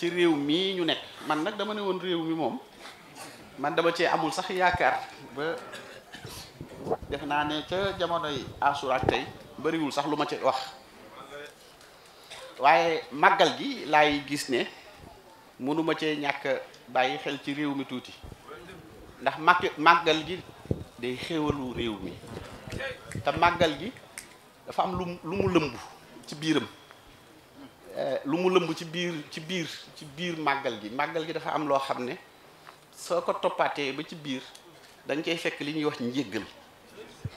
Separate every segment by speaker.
Speaker 1: ci réew mii ñu nekk man nag dama ne woon réew mi moom man dama cee amul sax yaakaar ba def naa ne ca jamonoy asuraak tey bariwul sax lu ma ci wax waaye màggal gi lay gis ne mënuma cee ñàkk bàyyi xel ci réew mi tuuti ndax màkk màggal gi day xéwalu réew mi te màggal gi dafa am lu lu mu lëmb ci biiram Eh, lu mu lëmb ci biir ci biir ci biir màggal gi màggal gi dafa am loo xam ne soo ko toppaatee ba ci biir dañ koy fekk li ñuy wax njéggal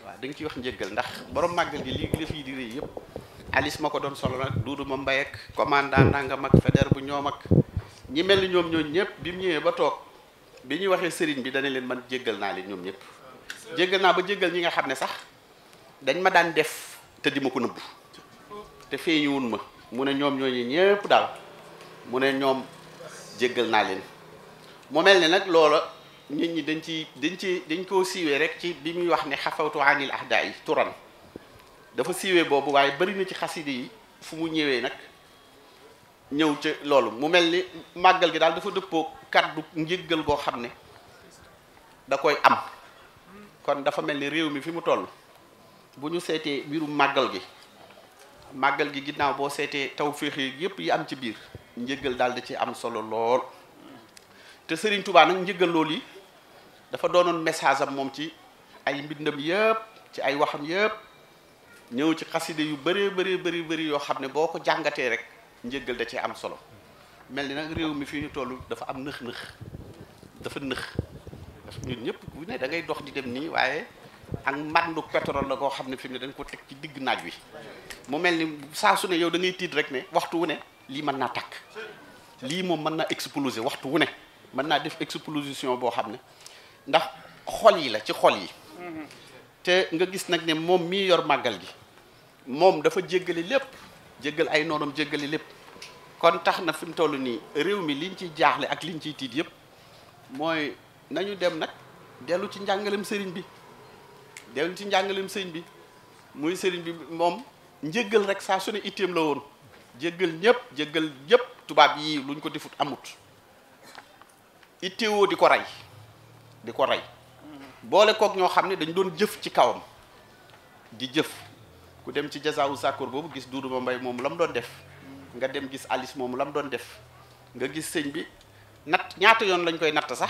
Speaker 1: waaw dañ koy wax njéggal ndax borom màggal gi li li fii di rey yëpp alis ma ko doon solo nag Duudu ma Mbay ak commandant nangam ak fédère bu ñoo mag ñi mel ni ñoom ñooñu ñëpp bi mu ñëwee ba toog bi ñuy waxee sëriñ bi dana leen man jéggal naa leen ñoom ñëpp jéggal naa ba jéggal ñi nga xam ne sax dañ ma daan def te di ma mu ne ñoom ñooñu ñépp daal mu ne ñoom jéggal naa leen mu mel ne nag loola nit ñi dañ ci dañ ci dañ koo siiwee rek ci bi muy wax ne xafawtu anil ahda yi turan dafa siiwee boobu waaye bari ci xaside yi fu mu ñëwee nag ñëw ca loolu mu mel ni màggal gi daal dafa dëppoo kaddu njëggal boo xam ne da koy am kon dafa mel ni réew mi fi mu toll bu ñu seetee mbirum màggal gi màggal gi ginnaaw boo seetee tawféex yi yëpp yi am ci biir njëgal daal da ci am solo lool te sëriñ Touba nag njëgal lool yi dafa doonoon message am moom ci ay mbindam yëpp ci ay waxam yëpp ñëw ci xaside yu bëree bëri bëri bëri yoo xam ne boo ko jàngatee rek njëgal da ci am solo mel ni nag réew mi fii ñu toll dafa am nëx nëx dafa nëx parce ñëpp bu ne dangay dox di dem nii waaye. ak mbandu pétrole la koo xam ne fi ne dañ ko teg ci digg naaj wi mu mel ni saa ne yow da tiit rek ne waxtu wu ne lii mën naa takk lii moom mën naa exploser waxtu wu ne mën naa def explosion boo xam ne ndax xol yi la ci xol yi te nga gis nag ne moom mii yor màggal gi moom dafa jéggale lépp jéggal ay noonam jéggale lépp kon tax na fi mu toll nii réew mi liñ ciy jaaxle ak liñ ciy tiit yëpp mooy nañu dem nag dellu ci njàngalem sëriñ bi dellu ci njàngaleem sëñ bi muy sëriñ bi moom njëgal rek saa su ne itteem la woon jéggal ñëpp jéggal ñëpp tubaab yii luñ ko defut amut itteewoo di ko rey di ko rey boole kook ñoo xam ne dañ doon jëf ci kawam di jëf ku dem ci jasaawu sàkkoor boobu gis duuduma mbay moom la mu doon def nga dem gis alis moom la mu doon def nga gis sëñ bi natt ñaata yoon lañ koy natt sax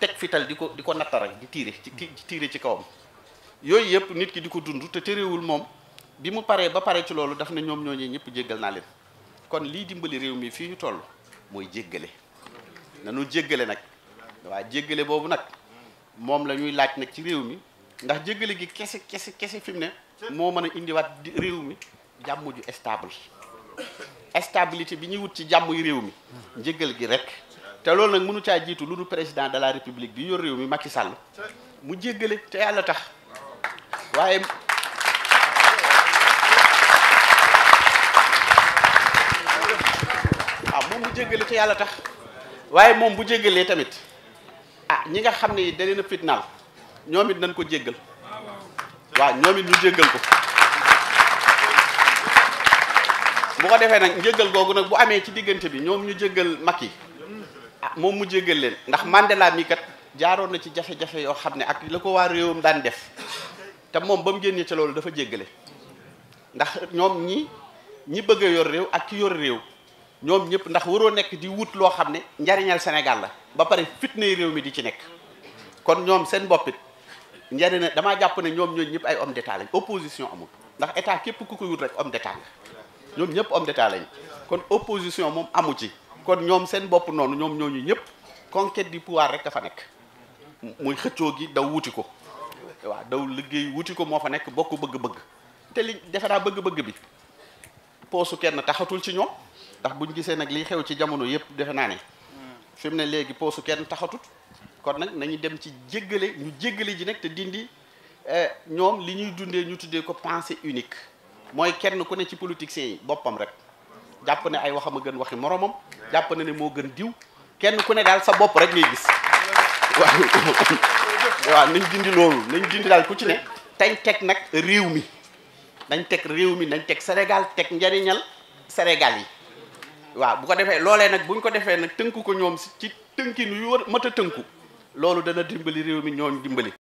Speaker 1: teg fital di ko di ko natt rek di tiire ci tiire ci kawam yooyu yëpp nit ki di ko dund te terewul moom bi mu paree ba pare ci loolu daf na ñoom ñooñee ñëpp jéggal naa leen kon lii dimbali réew mi fii ñu toll mooy jéggale nanu jéggale nag waa jéggale boobu nag moom la ñuy laaj nag ci réew mi ndax jéggale gi kese kese kese fi mu ne moo mën a indiwaat réew mi jàmm ju stable stabilité bi ñuy wut ci jàmm yu réew mi njëgal gi rek te loolu nag mënu caa jiitu lu nu président de la république bi yor réew mi Macky Sall mu jéggale te tax waaye waaw ah, moom mu jéggale te yàlla tax waaye moom bu jéggalee tamit ah ñi nga xam ne da leen a fitnaal ñoom it nañ ko jéggal waaw ñoom it ñu jéggal ko bu ko defee nag njéggal googu nag bu amee ci diggante bi ñoom ñu jéggal mag yi ah moom mu jéggal leen ndax Mandela mi kat jaaroon na ci jafe-jafe yoo xam ne ak la ko waa réewam daan def te moom ba mu génnee ci loolu dafa jéggale ndax ñoom ñi ñi bëgg a yor réew ak ki yor réew ñoom ñëpp ndax waroo nekk di wut loo xam ne njariñal Sénégal la ba pare fitnay réew mi di ci nekk kon ñoom seen boppit njariñ damaa jàpp ne ñoom ñooñu ñëpp ay homme d'état lañ ndax état képp ku koy wut rek homme d'état nga ñëpp homme kon opposition moom amu ci kon ñoom seen bopp noonu ñoom ñooñu ñëpp conquête du pouvoir rek dafa nekk muy xëccoo gi daw wuti ko waaw daw liggéey wuti ko moo fa nekk bokk bëgg-bëgg te li defe naa bëgg-bëgg bi poosu kenn taxatul ci ñoom ndax buñ gisee nag liy xew ci jamono yëpp defe naa ne fi mu ne léegi poosu kenn taxatut kon nag nañu dem ci jéggale ñu jéggale ji nag te dindi eh, ñoom li ñuy dundee ñu tuddee ko pensée unique mooy kenn ku ne ci politiciens yi boppam rek jàpp ne ay waxam a gën waxi moromam jàpp na ne moo gën diw kenn ku ne daal sa bopp rek ngay gis waaw waaw nañ dindi loolu nañ dindi daal ku ci ne tañ teg nag réew mi nañ teg réew mi nañ teg senegal teg njariñal Sénégal yi waaw bu ko defee loolee nag buñ ko defee nag tënku ko ñoom ci tënkin yu war mat a tënku loolu dana dimbali réew mi ñooñ dimbali